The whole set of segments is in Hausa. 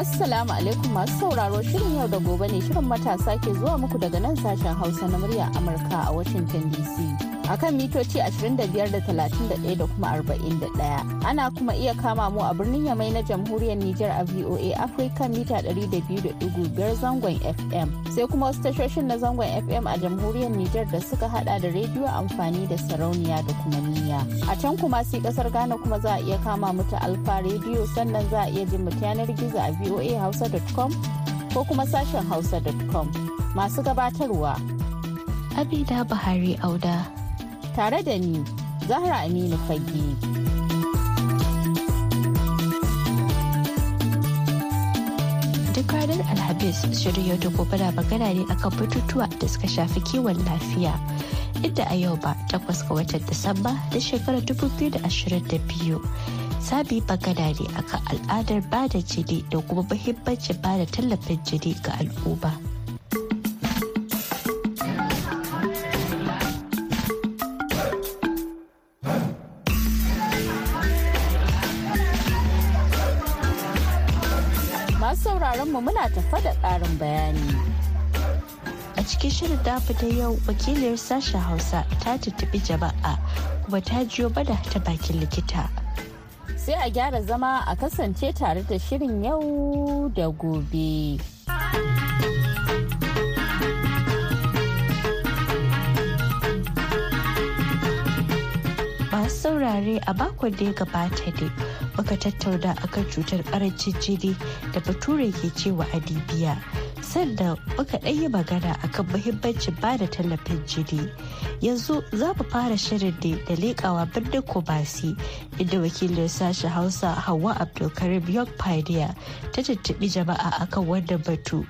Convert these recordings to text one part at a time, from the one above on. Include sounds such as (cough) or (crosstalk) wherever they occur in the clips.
Assalamu alaikum masu sauraro shirin yau da gobe ne shirin matasa ke zuwa muku daga nan sashen Hausa na murya Amurka a Washington DC. a kan mitoci 25.31 da kuma Ana kuma iya kama mu a birnin Yamai na jamhuriyar Nijar a VOA Africa mita 200.5 zangon FM. Sai kuma wasu tashoshin na zangon FM a jamhuriyar Nijar da suka hada da rediyo amfani da sarauniya da kuma niyya. A can kuma sai kasar Ghana kuma za a iya kama mu ta Alfa rediyo sannan za a iya jin mu yanar gizo a voahausa.com ko kuma sashen hausa.com. Masu gabatarwa. Abida Buhari Auda. tare da ni Zahra Aminu Fage. duk ranar alhamis da gobe na magana ne akan batutuwa da suka shafi kiwon lafiya inda a yau ba takwas ga watan disamba da shekarar 2022 sabi magana ne akan al'adar bada jini da kuma muhimmancin bada tallafin jini ga al'umma muna tafa da ƙarin bayani. A cikin shirin ta fita yau wakiliyar sashen Hausa ta tuntuɓi jama'a kuma ta jiyo bada ta bakin likita. Sai a gyara zama a kasance tare da shirin yau da gobe. masu saurare a bakon da ya gabata dai muka tattauna akan cutar karancin jini da bature ke cewa adibiya sannan muka ɗan yi magana akan muhimmancin ba da tallafin jini yanzu za mu fara shirin ne da leƙawa birnin kumasi inda wakilin sashi hausa hawa abdulkarim york pioneer ta tattabi jama'a akan wannan batu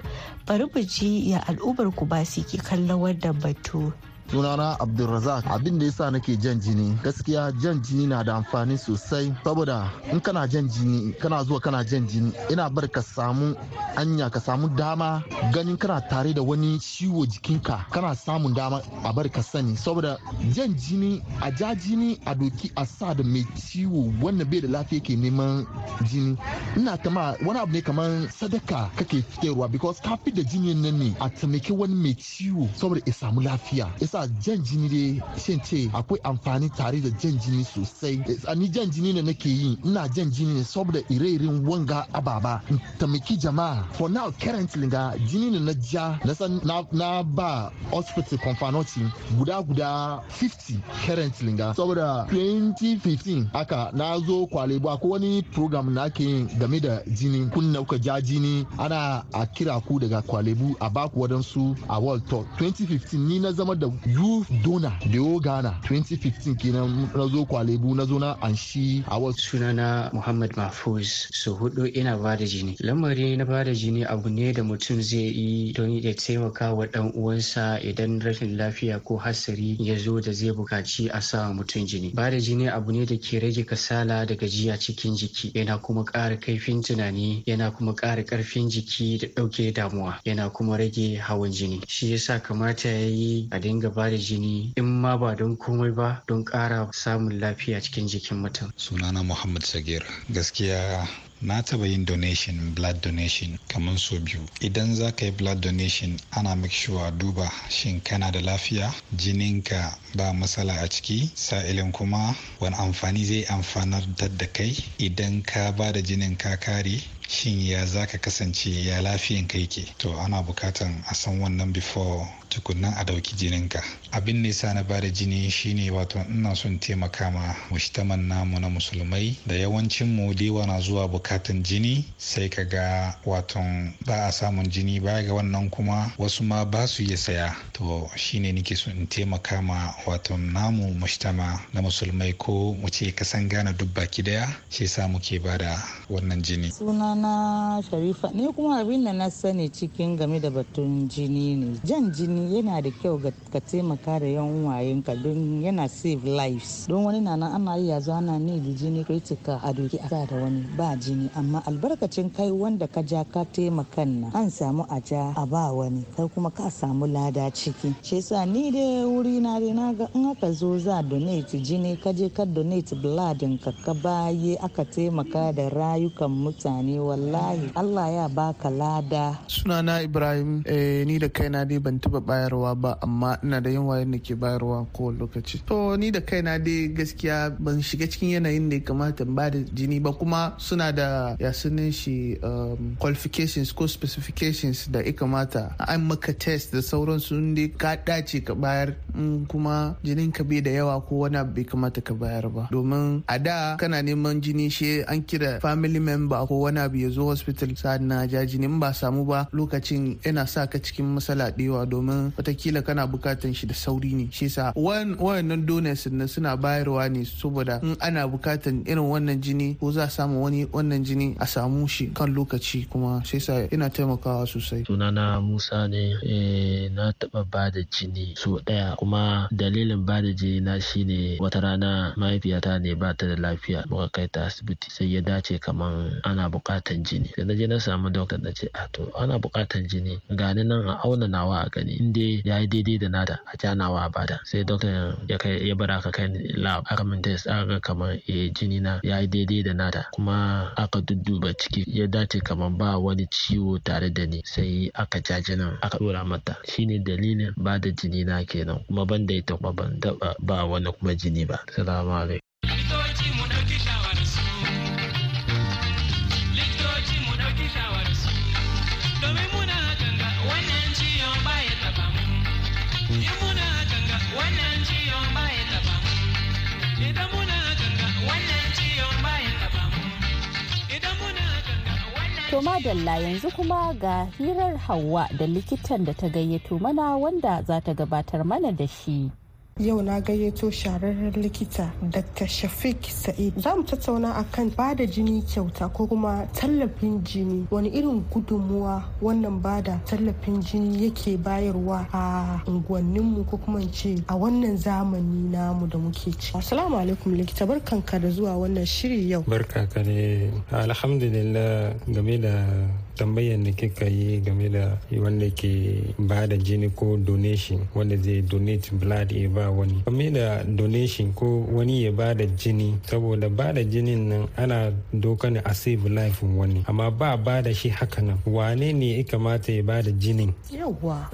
bari mu ji ya al'ummar kumasi ke kallon wannan batu. sunana abdulrazak abin da yasa nake jan jini gaskiya jan jini na da amfani sosai saboda in kana jan jini kana zuwa kana jan jini ina bar ka samu anya ka samu dama ganin kana tare da wani ciwo jikinka kana samun dama a bar ka sani saboda jan jini a ja jini a doki a sa da mai ciwo wannan bai da lafiya ke neman jini ina kama wani abu ne kamar sadaka kake fitarwa because ka fi da jini nan ne a taimaki wani mai ciwo saboda ya samu lafiya sa jan jini dai shin ce akwai amfani tare da jan jini sosai eh, ni jan jini ne nake yi ina jan jini ne saboda ire-iren wanga ababa tamaki jama'a for now currently ga jini ne na ja na san na ba hospital confanoti guda guda 50 currently ga saboda 2015 aka na zo ba ko wani program na ake yin game da jini kunna kuka ja jini ana a kira ku daga kwalebu a baku wadansu a world tour 2015 ni na zama da you dona da yo ghana 2015 kenan na zo kwalebu na zo na anshi a wasu sunana muhammad mahfuz su hudu ina ba da jini lamari na bada jini abu ne da mutum zai yi don ya taimaka wa dan uwansa idan rashin lafiya ko hasari ya zo da zai bukaci a sa mutum jini bada jini abu ne da ke rage kasala da gajiya cikin jiki yana kuma ƙara kaifin tunani yana kuma ƙara ƙarfin jiki da ɗauke damuwa yana kuma rage hawan jini shi yasa kamata ya yi a dinga gaba ba da jini in ma ba don komai ba don ƙara samun lafiya cikin jikin mutum. Sunana Muhammad Sagir gaskiya na taba yin donation blood donation kamar so biyu idan za ka yi blood donation ana make sure duba shin kana da lafiya jinin ka ba matsala a ciki sa'ilin kuma wani amfani zai amfanar da kai idan ka ba da jinin ka kare shin ya za ka kasance ya lafiyan ka yake to ana bukatan a san wannan before tukunnan a dauki jinin ka. abin ne nisa na bada jini shine wato ina son taimaka ma mushtaman namu na musulmai da yawancin mu dewa na zuwa bukatan jini sai ka ga wato ba a samun jini baya ga wannan kuma wasu ma ba su iya saya to shine nike so in taimaka ma wato namu mushtama na musulmai ko mu ce ka san gane duk baki daya shi yasa muke bada wannan jini sunan sunana sharifa ne kuma abin da na sani cikin game da batun jini ne jan jini yana da kyau ka taimaka da yan ka don yana save lives don wani na nan ana iya zuwa ana ne da jini critical a doki a da wani ba jini amma albarkacin kai wanda ka ja ka taimakan nan an samu a ja a ba wani kai kuma ka samu lada ciki shi yasa ni da wuri na dai na ga in aka zo za donate jini ka je ka donate blood ka ka baye aka taimaka da rayukan mutane wallahi Allah ya baka lada. Sunana Ibrahim eh, ni da kaina dai ban taba bayarwa ba amma ina da yin wayan ke bayarwa ko lokaci. To ni da kaina dai gaskiya ban shiga cikin yanayin da ya kamata ba da jini ba kuma suna da ya sunan shi um, qualifications ko specifications da ya kamata an maka test da sauransu inda ka dace ka bayar mm, kuma jinin ka bai da yawa ko wani abu bai kamata ka bayar ba domin a da kana neman jini shi an kira family member ko wani abu ya zo hospital sa'ad na jaji ne in ba samu ba lokacin yana sa ka cikin matsala ɗewa domin watakila kana bukatan shi da sauri ne shi sa wayannan donors na suna bayarwa ne saboda in ana bukatan irin wannan jini ko za a samu wani wannan jini a samu shi kan lokaci kuma shi sa yana taimakawa sosai sunana musa ne eh, na taba ba da jini so daya kuma dalilin ba da jini na shine wata rana mahaifiyata ne ba ta da lafiya muka kai ta asibiti sai ya dace kaman ana bukatan buƙatan jini da na je na samu doctor na ce a ah, to ana buƙatan jini gani nan a auna nawa a gani in dai ya yi daidai da nata a ja nawa a bada sai doctor ya kai ya bara ka kai lab aka min test aka kamar e jini na ya yi daidai da nata kuma aka dudduba ciki ya dace kamar ba wani ciwo tare da ni sai aka ja jinin aka dora mata shine dalilin ba da jini na kenan kuma ban da ita kuma ban taba ba wani kuma jini ba salamu alaikum To madalla yanzu kuma ga hirar Hauwa da likitan da ta gayyato mana wanda za ta gabatar mana da shi. yau na gayyato shahararren likita dr shafik sa'id za mu tattauna a akan bada jini kyauta ko kuma tallafin jini wani irin gudunmuwa wannan bada tallafin jini yake bayarwa a unguwanninmu ko kuma ce a wannan zamani namu da muke ci assalamu alaikum likita barkanka da zuwa wannan shiri yau barka ka ne alhamdulillah game da tambayar da kika yi game da wanda ke ba da jini ko donation wanda zai donate blood ya ba wani game da donation ko wani ya ba da jini saboda ba da jinin nan ana doka ne a save life wani amma ba ba da shi haka nan wane ne ya kamata ya ba da jinin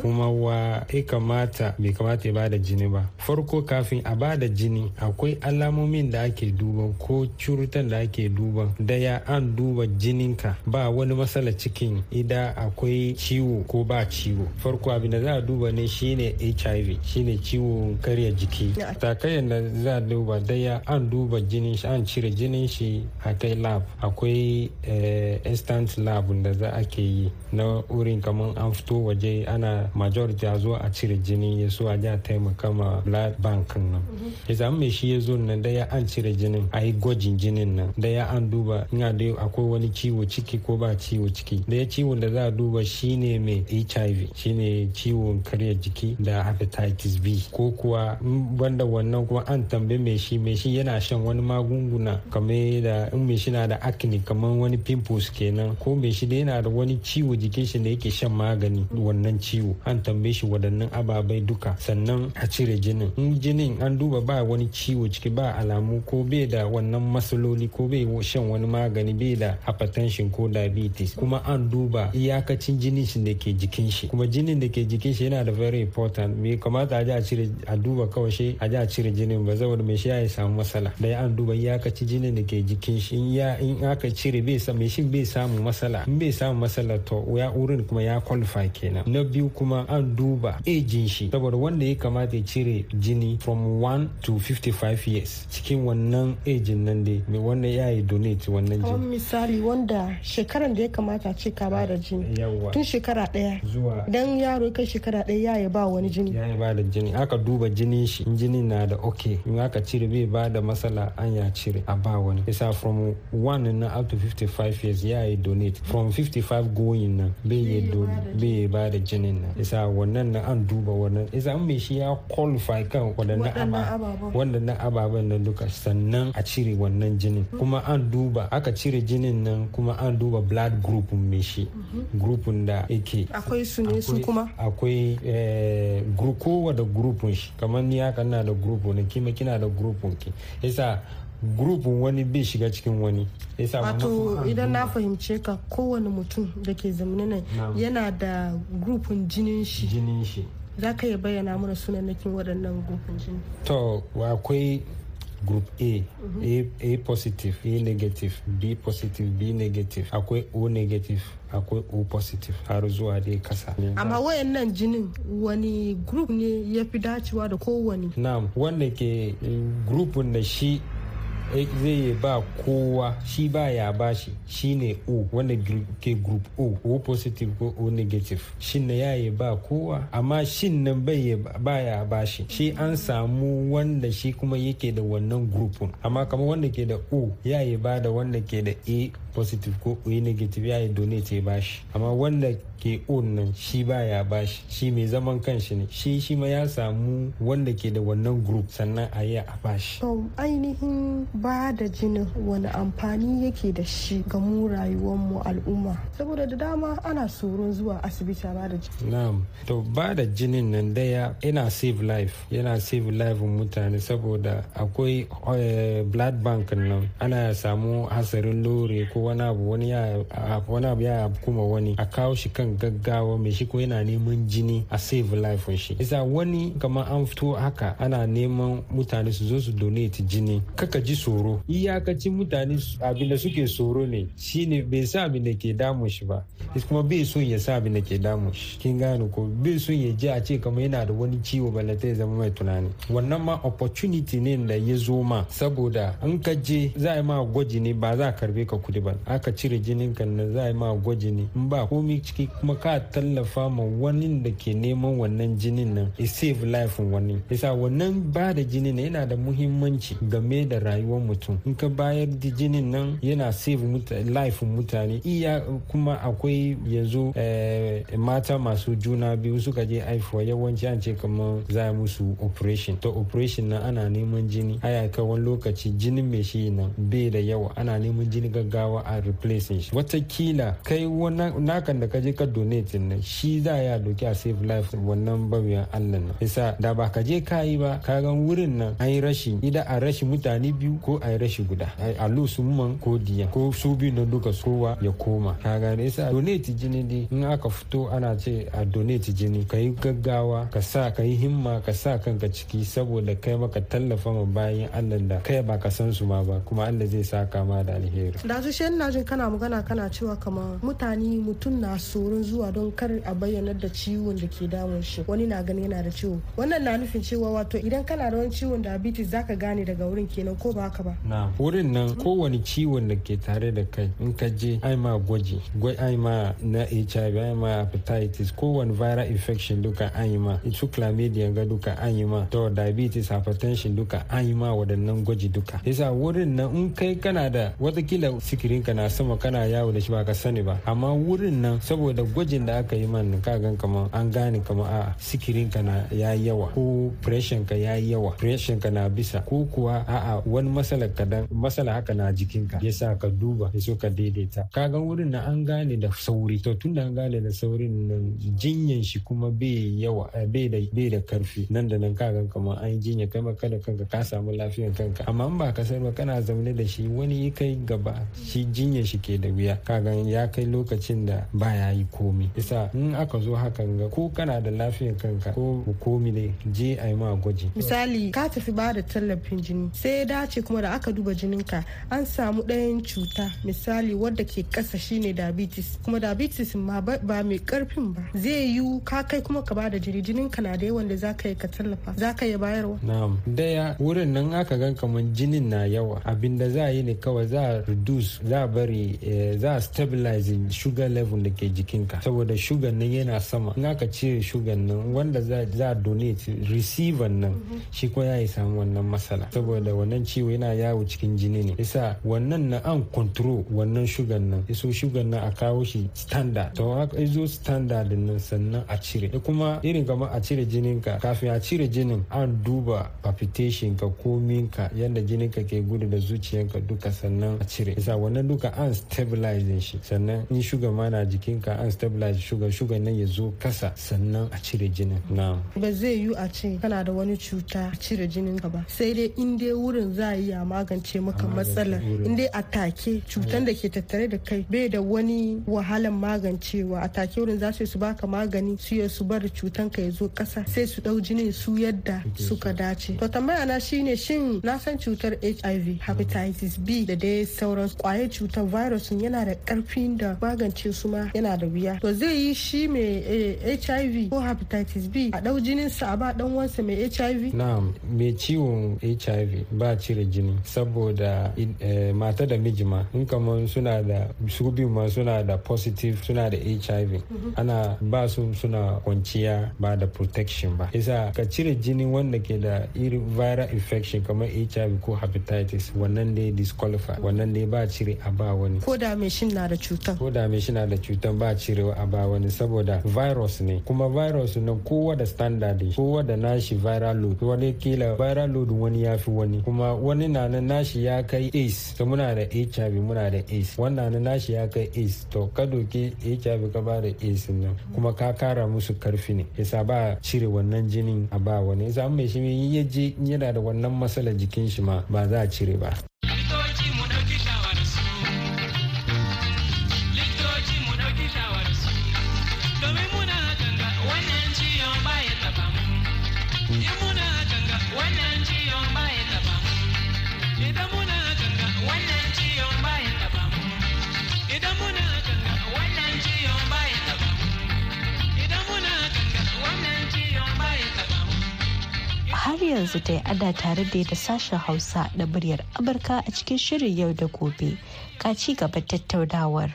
kuma wa ya kamata bai kamata ya ba da jini ba farko kafin a ba da jini akwai alamomin da ake duba ko curutan da ake duba daya an duba jininka ba wani matsalaci cikin idan akwai ciwo ko ba ciwo farko abin da za a duba ne shine hiv shine ciwo karya jiki takayyar da za a duba daya an duba jinin shi an cire jinin shi a kai lab akwai eh, instant lab da za a ke yi na urin kamar an fito waje ana majority a zo a cire jini ya so a ja taimaka ma blood bank nan ya mai shi ya zo nan daya an cire jinin a yi gwajin jinin nan daya an duba ina da akwai wani ciwo ciki ko ba ciwo ciki jiki da ciwon da za a duba shine mai hiv shine ciwon karya jiki da hepatitis b ko kuwa banda wannan kuma an tambaye mai shi mai shi yana shan wani magunguna kamar da in mai shi na da acne kamar wani pimples kenan ko mai shi da yana da wani ciwo jikin shi da yake shan magani wannan ciwo an tambaye shi waɗannan ababai duka sannan a cire jinin in jinin an duba ba wani ciwo ciki ba alamu ko bai da wannan masaloli ko bai shan wani magani bai da hypertension ko diabetes kuma an duba iyakacin jini shi da ke jikin shi kuma jinin da ke jikin shi yana da very important me kamata a ji a cire a duba kawai shi a ja a cire jinin ba saboda mai shi ya samu matsala da an duba iyakacin jinin da ke jikin shi in ya in aka cire bai sa mai shi bai samu matsala in bai samu matsala to ya urin kuma ya qualify kenan na biyu kuma an duba age shi saboda wanda ya kamata ya cire jini from 1 to 55 years cikin wannan age nan dai mai wannan ya yi donate wannan jini misali wanda shekaran da ya kamata ce ka ba da jini tun shekara daya dan yaro kai shekara daya ya ba wani jini ya ba da jini aka duba jini shi jini na da ok in aka cire bai ba da matsala an ya cire a ba wani isa from 1 na up to 55 years ya yi donate from 55 going nan bai ya ba da jini nan isa wannan na an duba wannan isa an mai shi ya qualify kan waɗannan ababen na duka sannan a cire wannan jinin kuma an duba aka cire jinin nan kuma an duba blood group mai shi grupun da yake akwai su ne su kuma akwai eh, kowa da grupun shi kamar ni haka na da grupun kima kina da grupun ki yasa gurufin wani bai shiga cikin wani yasa wato idan na fahimce ka kowane mutum da ke zamani nan yana da gurufin jinin shi jinin shi za ka yi bayyana mana nakin waɗannan gurufin jini to akwai group A, A, A positive, A negative, B positive, B negative, akwai O negative, akwai O positive har zuwa dai kasa. Amma wayannan jinin wani group ne ya fi dacewa da kowane. Na'am, wanda ke eh, group na shi Eh, zai ba kowa shi ba ya ba shi shi ne o wanda ke group o o positive ko o negative shin na ya yi ba kowa amma shin nan bai ba ya bashi shi an samu wanda shi kuma yake da wannan group amma kamar wanda ke da o ya yi ba da wanda ke da a positive ko o negative ya yi donate ya bashi amma wanda ke on nan shi ya bashi shi mai zaman kanshi ne shi shi ma ya samu wanda ke da wannan group sannan a yi a bashi to ainihin ba da jinin wani amfani yake da shi ga mu rayuwar mu al'umma saboda da dama ana tsoron zuwa asibiti ba da jini na'am to ba da jinin nan daya yana save life yana save life mutane saboda akwai eh, blood bank nan ana samu hasarin lore ko wani abu wani ya wani abu ya kuma wani a kawo shi kan gaggawa mai shi ko yana neman jini a save life shi isa wani kamar an fito haka ana neman mutane su zo su donate jini kaka ji tsoro iyakacin mutane abinda da suke tsoro ne shine bai sa abin da ke damun shi ba kuma bai son ya sa abin ke damun shi kin gano ko bai son ya ji a ce kama yana da wani ciwo ba ta zama mai tunani wannan ma opportunity ne da ya zo ma saboda in ka je za a yi ma gwaji ne ba za a karbe ka kudi ba nan aka cire jinin ka na za a yi ma gwaji ne in ba komi ciki kuma ka tallafa ma wani da ke neman wannan jinin nan a save life wani isa wannan ba da jinin nan yana da muhimmanci game da rayuwar mutum in ka bayar da jinin nan yana save life mutane iya kuma akwai yanzu eh, mata masu juna biyu suka je haifuwa yawanci an ce kamar za musu operation to operation na ana neman jini a kai wani lokaci jinin mai shi nan bai da yawa ana neman jini gaggawa a replace shi kila kai nakan da kaje ka donate nan shi za ya doki a save life wannan bamiyan allah nan isa da ba ka je ka ba ka gan wurin nan an yi rashi idan a rashi mutane biyu ko a yi rashi guda a lusu man ko diya ko su biyu na duka kowa ya koma ka gane isa donate jini di in aka fito ana ce a donate jini ka yi gaggawa ka sa ka yi himma ka sa kanka ciki saboda kai maka tallafa ma bayan allah da kai ba ka san su ma ba kuma allah zai sa kama da alheri da su ina jin kana magana kana cewa kama mutane mutum na tsoron zuwa don kar a bayyana da ciwon da ke damun shi wani na gani yana da ciwo wannan na nufin cewa wato idan kana da wani ciwon diabetes zaka gane daga wurin kenan ko ba haka ba na wurin nan kowane ciwon da ke tare da kai in ka je ai ma gwaji gwai ai ma na HIV ai ma hepatitis kowane viral infection duka ai ma su chlamydia ga duka ai ma to diabetes hypertension duka ai ma waɗannan gwaji duka yasa wurin nan in kai kana da watakila sikirin. hankalinka na sama kana yawo da shi ba ka sani ba amma wurin nan saboda gwajin da aka yi man ka gan kamar an gane kamar a sikirin ka na ya yawa ko pression ka ya yawa pression ka na bisa ko kuwa a'a wani masala kadan masala haka na jikin ka ya sa ka duba ya so ka daidaita ka gan wurin nan an gane da sauri to tunda an gane da sauri nan jinyan shi kuma bai yawa eh, bai da bai karfi nan da nan ka gan kamar an yi jinya kai maka da kanka ka samu lafiyar kanka amma ba ka sani ba kana zaune da shi wani kai gaba shi jinya shi ke da wuya kaga ya kai lokacin da baya yi komi isa in aka zo hakan ga ko kana da lafiyar kanka ko komi ne je a yi ma gwaji misali ka tafi ba da tallafin jini sai dace kuma da aka duba jininka an samu ɗayan cuta misali wadda ke ƙasa shine diabetes kuma diabetes ma ba mai karfin ba zai yiwu ka kai kuma ka ba da jini ka na da yawan da za ka yi ka tallafa zaka ka bayarwa na'am daya wurin nan aka gan kamar jinin na yawa abinda za yi ne kawai za a reduce za a bari eh, za a stabilizing sugar level da ke jikinka saboda sugar nan yana sama in aka cire sugar nan wanda za a donate receiver nan shi ko ya yi samu wannan matsala saboda wannan ciwo yana yawo cikin jini ne isa wannan na an control wannan sugar nan iso sugar nan a kawo shi standard to aka izo standard nan sannan a cire da kuma irin kamar a cire jinin ka kafin a cire jinin an duba palpitation ka yanda yadda ka ke gudu da zuciyanka duka sannan a cire isa wannan duka an stabilize shi sannan in shuga ma na jikinka an stabilize shuga shuga nan ya zo kasa sannan a cire jinin na ba zai yiwu a ce kana da wani cuta a cire jinin ka ba sai dai in dai wurin za a yi a magance maka matsalar in dai a take cutan da ke tattare da kai bai da wani wahalan magancewa a take wurin za su su baka magani su ya su bar cutan ka ya zo kasa sai su dau jinin su yadda suka dace to tambaya na shine shin na san cutar HIV hepatitis B da dai sauran kwayoyin cutar virus yana da karfin da magance su ma yana da wuya to zai yi shi mai hiv eh, ko hepatitis b a dau jinin sa a ba dan wansa mai hiv na'am mai ciwon hiv ba cire jini saboda eh, mata da miji ma in kaman suna da su biyu ma suna da positive suna da hiv mhm. ana ba su suna kwanciya ba da protection ba isa ka cire jini wanda ke da irin viral infection kamar hiv ko hepatitis wannan dai disqualify wannan dai ba cire a ba wani ko da mai shin na da cutan ko da mai shin na da cutan ba cirewa a ba wani saboda virus ne kuma virus na kowa da standard kowa da nashi viral load wani kila viral load wani ya fi wani kuma wani na na nashi ya kai aids to muna da hiv muna da aids wannan na nashi ya kai aids to ka doke hiv ka ba da aids nan kuma ka kara musu karfi ne yasa ba cire wannan jinin a ba wani yasa mai shi ya je yana da wannan matsalar jikin shi ma ba za a cire ba yanzu ta yi ada tare da da sashen hausa da muryar amurka a cikin shirin yau da gobe ka ci gaba tattaunawar.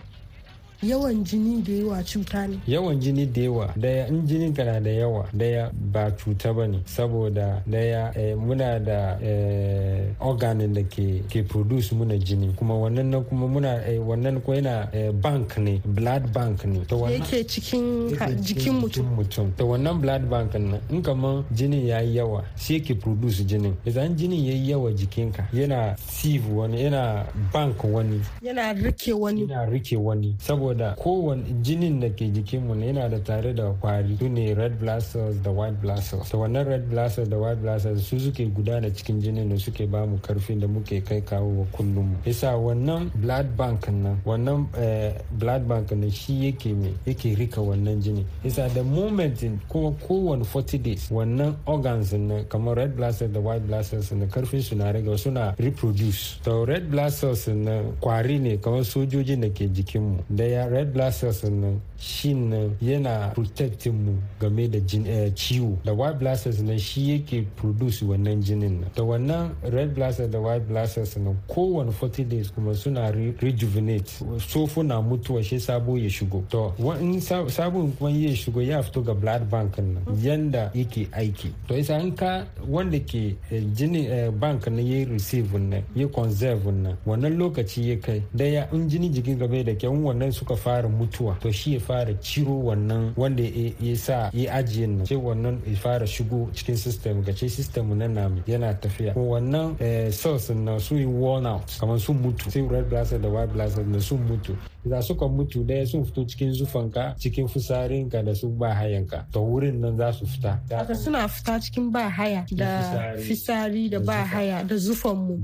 yawan jini da yawa cuta ne yawan jini da yawa daya in jini kana da yawa daya ba cuta ba ne saboda daya eh, muna da eh, organin da ke, ke produce muna jini kuma wannan na kuma muna eh, wannan ko yana eh, bank ne blood bank ne to wannan yake cikin jikin mutum mutum to wannan blood bank na in kaman jini yayi yawa sai yake produce jini. idan jini yayi yawa jikinka yana sieve wani yana bank wani yana rike wani yana rike wani saboda saboda kowane jinin da ke jikinmu yana da tare da kwari su ne red blood da white blood cells to wannan red blood da white blood cells su suke gudana cikin jinin da suke ba mu karfin da muke kai kawo wa kullum yasa wannan blood bank nan wannan eh, blood bank nan shi yake me yake rika wannan jini yasa da moment kuma kowane 40 days wannan organs na kamar red blood cells da white blood cells na karfin su na rage suna reproduce to red blood na kwari ne kamar sojojin da ke jikinmu da ya red blood cells and uh, shin na yana protecting mu game da eh, ciwo da white blasters na nan shi yake produce wannan jinin na da wannan red blasters da white blasters na kowane 40 days kuma suna rejuvenate sofo na mutuwa shi sabo ya shigo to wani sabon kuma ya shigo ya fito ga blood bank na yanda yake aiki to isa an ka wanda ke eh, jinin eh, bank na ya receive na ya conserve na wannan lokaci ya kai da ya in jini jikin game da kyan wannan suka fara mutuwa to shi ya fara ciro wannan wanda ya sa ya ajiye nan sai wannan ya fara shigo cikin system ga ce system na nami yana tafiya ko wannan eh, cells na su yi worn out kamar sun mutu sai red blaster da white blaster na sun mutu su kan mutu daya sun fito cikin zufanka cikin fusarinka da su ba hayanka to wurin nan za su fita haka suna fita cikin ba haya da fisari da ba haya da zufanmu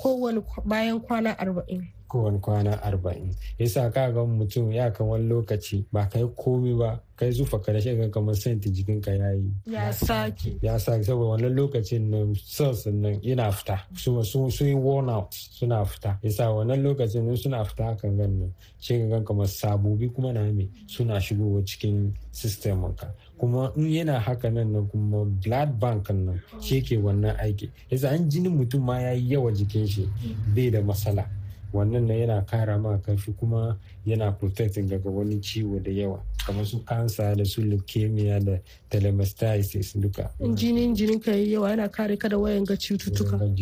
kowane bayan kwana arba'in kowane kwana arba'in yasa ka ga mutum ya kan wani lokaci ba kai komi ba kai zufa ka rashin ga kamar senti jikin ka yayi ya saki ya saki saboda wannan lokacin nan cells nan yana fita su su yi worn out suna fita yasa wannan lokacin nan suna fita kan gan nan shi ga kamar sabobi kuma na me suna shigowa cikin system ka kuma in yana haka nan nan kuma blood bank nan shi ke wannan aiki yasa an jinin mutum ma ya yi yawa jikin shi bai da matsala wannan na yana kara ma karfi kuma yana protecting daga wani ciwo da yawa kamar su kansa da su leukemia da telemastitis duka jinin jinin ka yi yawa yana kare ka da wayan ga cututtuka wani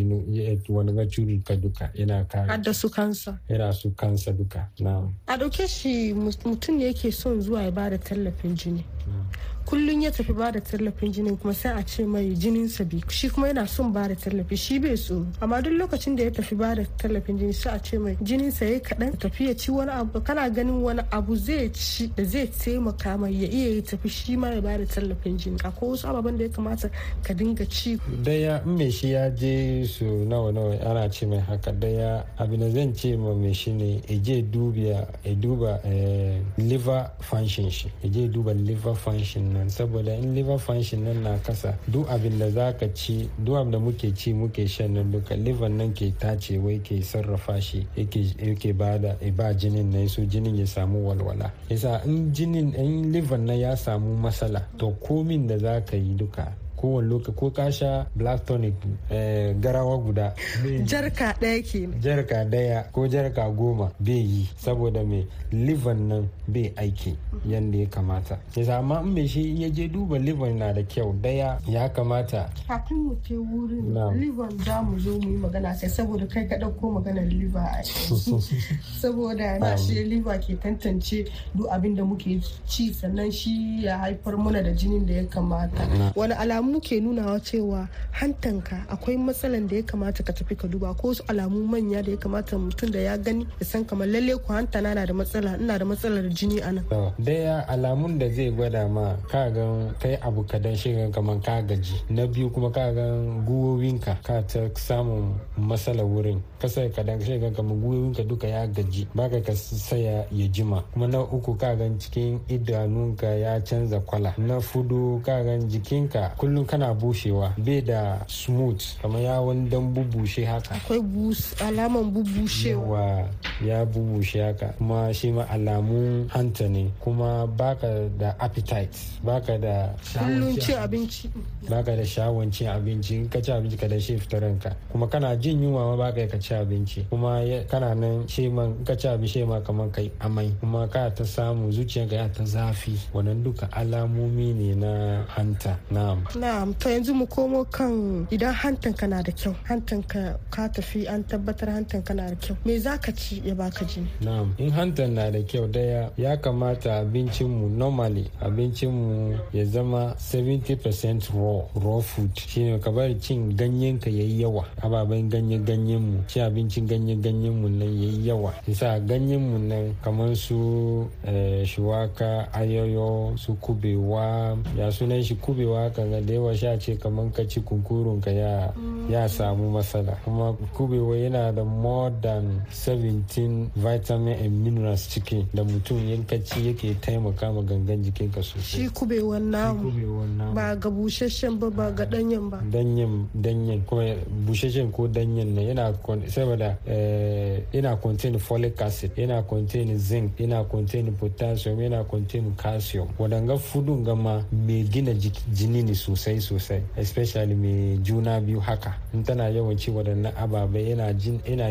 ga eh, cututtuka duka yana kare su kansa yana su kansa duka na'am a dauke shi mutum ne yake son zuwa ya bada tallafin jini kullum ya tafi ba da tallafin jini kuma sai a ce mai jinin bi shi kuma yana son ba da tallafi shi bai so amma duk lokacin da ya tafi ba da tallafin jini sai a ce mai jinin sa yayi kadan tafi ya ci wani abu kana ganin wani abu zai ci da zai taimaka mai ya iya ya tafi shi ma ya ba da tallafin jini akwai wasu ababen da ya kamata ka dinga ci daya in mai shi ya je su nawa nawa ana ce mai haka daya abu da zan ce ma mai shi ne ya je dubiya ya duba eh, liver function shi ya je duba liver function nan saboda in liver function nan na kasa duk abin da za ka ci duk abin da muke ci muke shan nan duka liver nan ke tace wai ke sarrafa shi yake ba ba jinin na so jinin ya samu walwala yasa in jinin in liver nan ya samu matsala to komin da za ka yi duka kowane lokaci ko kasha black tonic eh, garawa guda jarka daya ke jarka daya ko jarka goma bai yi saboda mai liver nan bai aiki yadda ya kamata yasa amma in mai shi ya je duba liver na da kyau daya ya kamata kafin mu je wurin liver za mu zo mu yi magana sai saboda kai ka dauko maganar liver a (laughs) saboda na shi liver ke tantance duk abin da muke ci sannan shi ya haifar mana da jinin da ya kamata wani alamu muke nunawa cewa hantanka akwai matsalan da ya kamata ka tafi ka duba ko su alamu manya da ya kamata mutum da ya gani ya san kamar lalle ko hanta na da matsala ina da matsalar jini a nan. daya alamun da zai gwada ma ka ga kai abu kadan shi kamar ka gaji na biyu kuma ka ga guwowinka ka ta samun matsala wurin ka sai kadan shi kamar guwowinka duka ya gaji baka ka saya ya jima kuma na uku ka ga cikin idanunka ya canza kwala na fudu ka ga jikinka kullum hannun kana bushewa bai da smooth kamar yawon dan bubushe haka akwai alaman bubushewa ya bubushe haka kuma shi ma alamun hanta ne kuma baka da appetite baka da shawon cin abinci baka da shawon cin abinci ka ci abinci ka da shi ka. kuma kana jin yunwa ma baka ka ci abinci kuma kana nan shi ma ka ci abinci ma kamar kai amai kuma ka ta samu zuciyanka ya ta zafi wannan duka alamomi ne na hanta na'am to yanzu mu komo kan idan hantan na da kyau hantanka ka tafi an tabbatar hantanka na da kyau me za ka ci ya baka jini na'am in hantan na da kyau daya ya kamata abincinmu normally abincinmu ya zama 70% raw raw food shine ka bari cin ganyen ka yayi yawa ababen ganye ganyen mu ci abincin ganye ganyen mu nan yayi yawa yasa ganyen mu nan kamar su eh, shuwaka ayoyo su kubewa ya sunan shi kubewa kan da yawa sha ce kamar ka ci kunkurun ka ya ya samu matsala kuma kubewa yana da more than 17 vitamin and minerals ciki da mutum yanka ci yake taimaka ma gangan jikin ka sosai shi kubewan namu ba ga bushashen ba ba ga danyen ba danyen danyen kuma bushashen ko danyen ne yana saboda eh, yana contain folic acid yana contain zinc yana contain potassium yana contain calcium wadanga fudun gama mai gina jini ne sosai sosai sosai especially mai juna biyu haka in tana yawan ci waɗannan ababe yana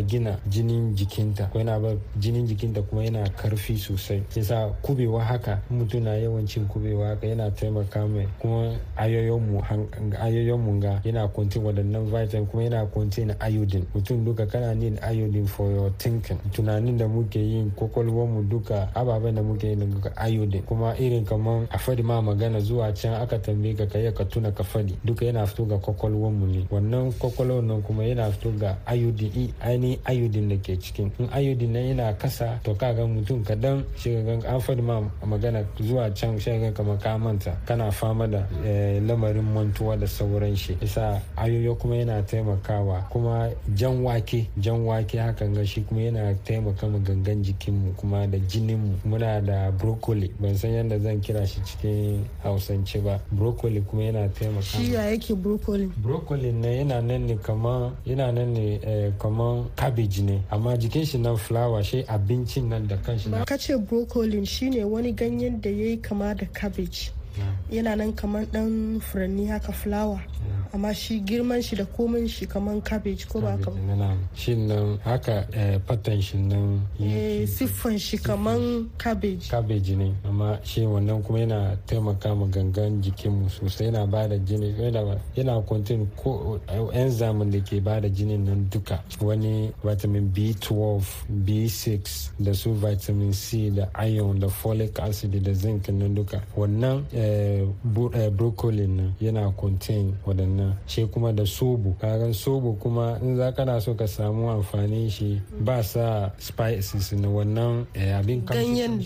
gina jinin jikinta ko yana bar jinin jikinta kuma yana karfi sosai sa kubewa haka mutu na yawan cin kubewa haka yana taimaka mai kuma ayoyon mu ga yana kunti waɗannan vitamin kuma yana kunti na iodine mutum duka kana need iodine for your thinking tunanin da muke yin kwakwalwar mu duka ababen da muke yin duka iodine kuma irin kamar a fadi ma magana zuwa can aka tambaye ka kai ka tuna tuna daga fadi duka yana fito ga kwakwalwar mu ne wannan kwakwalwar nan kuma yana fito ga e ainihin ayudin da ke cikin in iodine nan yana kasa to kaga mutum kadan shi ga an faɗi ma magana zuwa can shi ga kamar ka manta kana fama da eh, lamarin mantuwa da sauran shi isa ayoyo kuma yana taimakawa kuma jan wake jan wake hakan ga shi kuma yana taimaka mu gangan jikin mu kuma da jinin mu muna da broccoli ban san yadda zan kira shi cikin hausance ba broccoli kuma yana taimaka shi ya yake brokoli brokoli ne yana nan ne kaman yana nan ne eh, kaman cabbage ne amma jikin shi nan flower shi abincin nan da kanshi na kace shi shine wani ganyen da yayi kama da cabbage yana nan kaman dan furanni haka flower amma shi girman shi da komin shi kaman cabbage ko ba kaman shi nan haka eh, fatan shi nan eh, siffan shi kaman cabbage cabbage ne amma shi wannan kuma yana taimaka ma gangan jikin mu sosai yana ba da jini yana contain ko eh, enzyme da ke ba da jini nan duka wani vitamin B12 B6 da su vitamin C da iron da folic acid da zinc nan duka wannan broccoli nan yana contain waɗannan kenan sai kuma da sobo karan sobo kuma in za kana so ka samu amfani shi ba sa spices na wannan eh, abin ganyen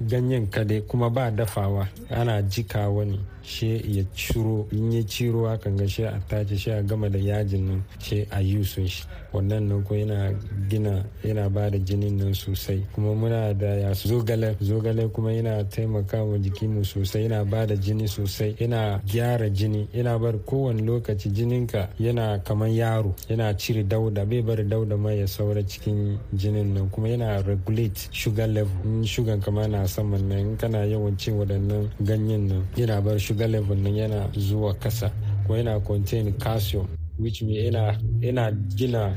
ganyen kadai kuma ba dafawa ana jikawa ne she ya ciro in ya ciro kan ga she a tace she a gama da yajin nan she a yi sun shi wannan nan ko yana gina yana ba da jinin nan sosai kuma muna da ya zogale zogale kuma yana taimakawa mu sosai yana ba da jini sosai yana gyara jini yana bar kowane lokaci jininka yana kamar yaro yana cire dauda bai bar dauda ma ya saura cikin jinin nan kuma yana regulate sugar level in sugar kama na saman nan kana yawan cin waɗannan ganyen nan yana bar sugar level nan yana zuwa kasa ko yana contain calcium which mean yana gina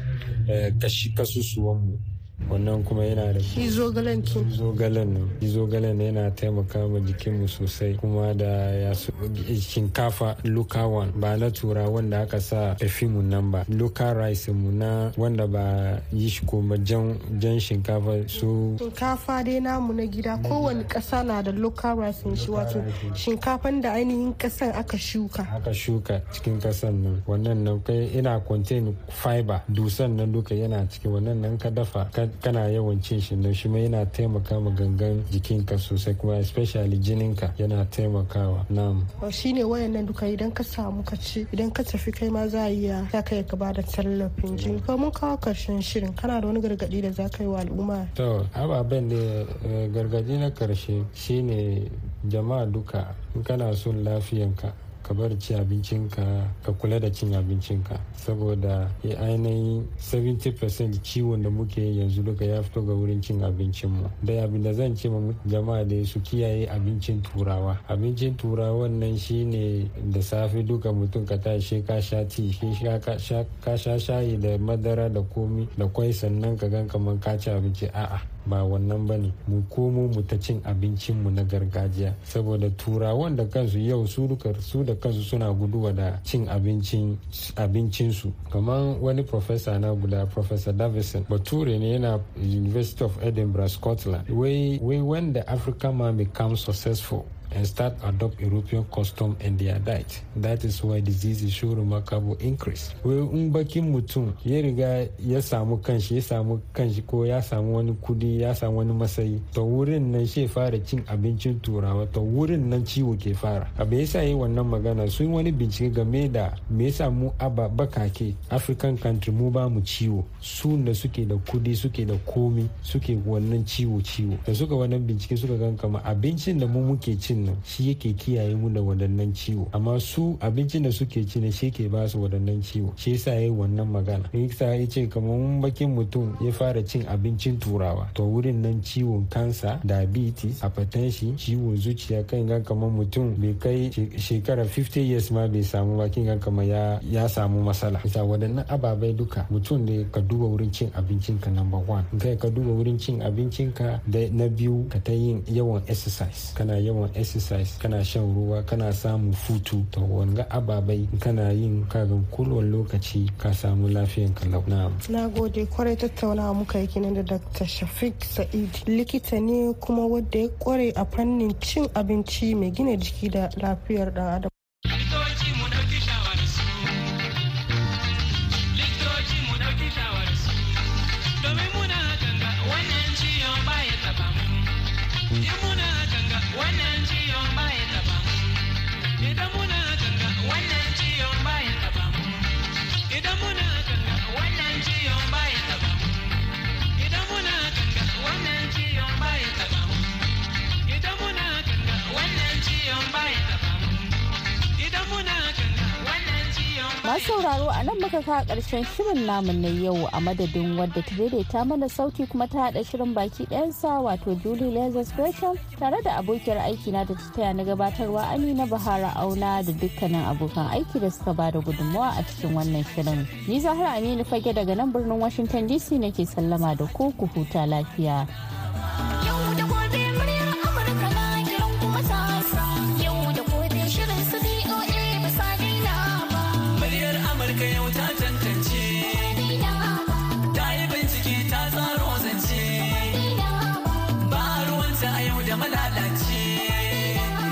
eh, kasusuwanmu wannan kuma yana da shi zogalen ki nan shi zogalen yana taimaka ma jikinmu sosai kuma da ya shinkafa lukawan ba na tura wanda aka sa tafi mu nan ba local rice mu na wanda ba yi shi koma jan shinkafa so shinkafa dai namu na gida kowane kasa na da local rice shi wato shinkafan da ainihin kasan aka shuka aka shuka cikin kasan nan wannan nan kai ina contain fiber dusan nan duka yana cikin wannan nan ka dafa ka kana yawan cin shi nan shi yana taimaka ma gangan jikinka sosai kuma especially jininka yana taimakawa shi shine wayannan duka idan ka samu ka ci idan ka tafi kai ma za a iya za ka ka bada tallafin jini ko mun kawo karshen shirin kana da wani gargadi da za ka yi wa al'umma to ababen da eh, gargadi na karshe shine jama'a duka kana son lafiyanka ka bar ci abincinka ka kula da cin abincinka saboda ya ainihin 70% ciwon da muke yanzu duka ya fito ga wurin cin abincinmu da abin da zan ce ma jama'a da su kiyaye abincin turawa abincin turawan nan shine da safe duka mutum ka tashi ka sha ti ka sha shayi da madara da komi da kwai sannan ka gan kamar ka ci abinci a'a ba wannan ba ne mu komo mu ta cin abincinmu na gargajiya saboda turawan da kansu yau su da kansu suna guduwa da cin abincin abincinsu kamar wani profesa na guda profesa davison bature ne yana university of edinburgh scotland wai wanda africa ma become successful and start adopt European custom and their diet. That is why diseases show remarkable increase. Wai in bakin mutum ya riga ya samu kanshi ya samu kanshi ko ya samu wani kudi ya samu wani masayi to wurin nan shi fara cin abincin turawa to wurin nan ciwo ke fara. a bai yasa yi wannan magana sun wani bincike game da me yasa mu aba bakake African country mu ba mu ciwo su da suke da kudi suke da komi suke wannan ciwo ciwo da suka wannan bincike suka gan kama abincin da mu muke cin nan shi yake kiyaye mu da waɗannan ciwo amma su abincin da suke ci na shi ke ba su waɗannan ciwo shi yasa yi wannan magana yasa ya ce kamar bakin mutum ya fara cin abincin turawa to wurin nan ciwon kansa diabetes hypertension ciwon zuciya kan ga kamar mutum bai kai shekara 50 years ma bai samu ba kin ga kamar ya ya samu matsala isa waɗannan ababai duka mutum ne ka duba wurin cin abincin ka number one kai ka duba wurin cin abincin ka na biyu ka ta yin yawan exercise kana yawan exercise exercise kana shan ruwa kana samun futu to wanga ababai kana yin kaga kowane lokaci ka samu lafiyan ka na. na gode kwarai tattaunawa muka yi kenan da dr shafiq sa'id likita ne kuma wadda ya kware a fannin cin abinci mai gina jiki da lafiyar dan adam masu sauraro a nan muka kawo ƙarshen shirin namu na yau a madadin wadda ta daidaita mana sauti kuma ta haɗa shirin baki ɗayansa wato Julie Lazarus Gresham tare da abokiyar aiki na da ta taya na gabatarwa Amina Bahara Auna da dukkanin abokan aiki da suka bada gudunmawa a cikin wannan shirin. Ni Zahra Aminu fage daga nan birnin Washington DC nake sallama da ku ku huta lafiya.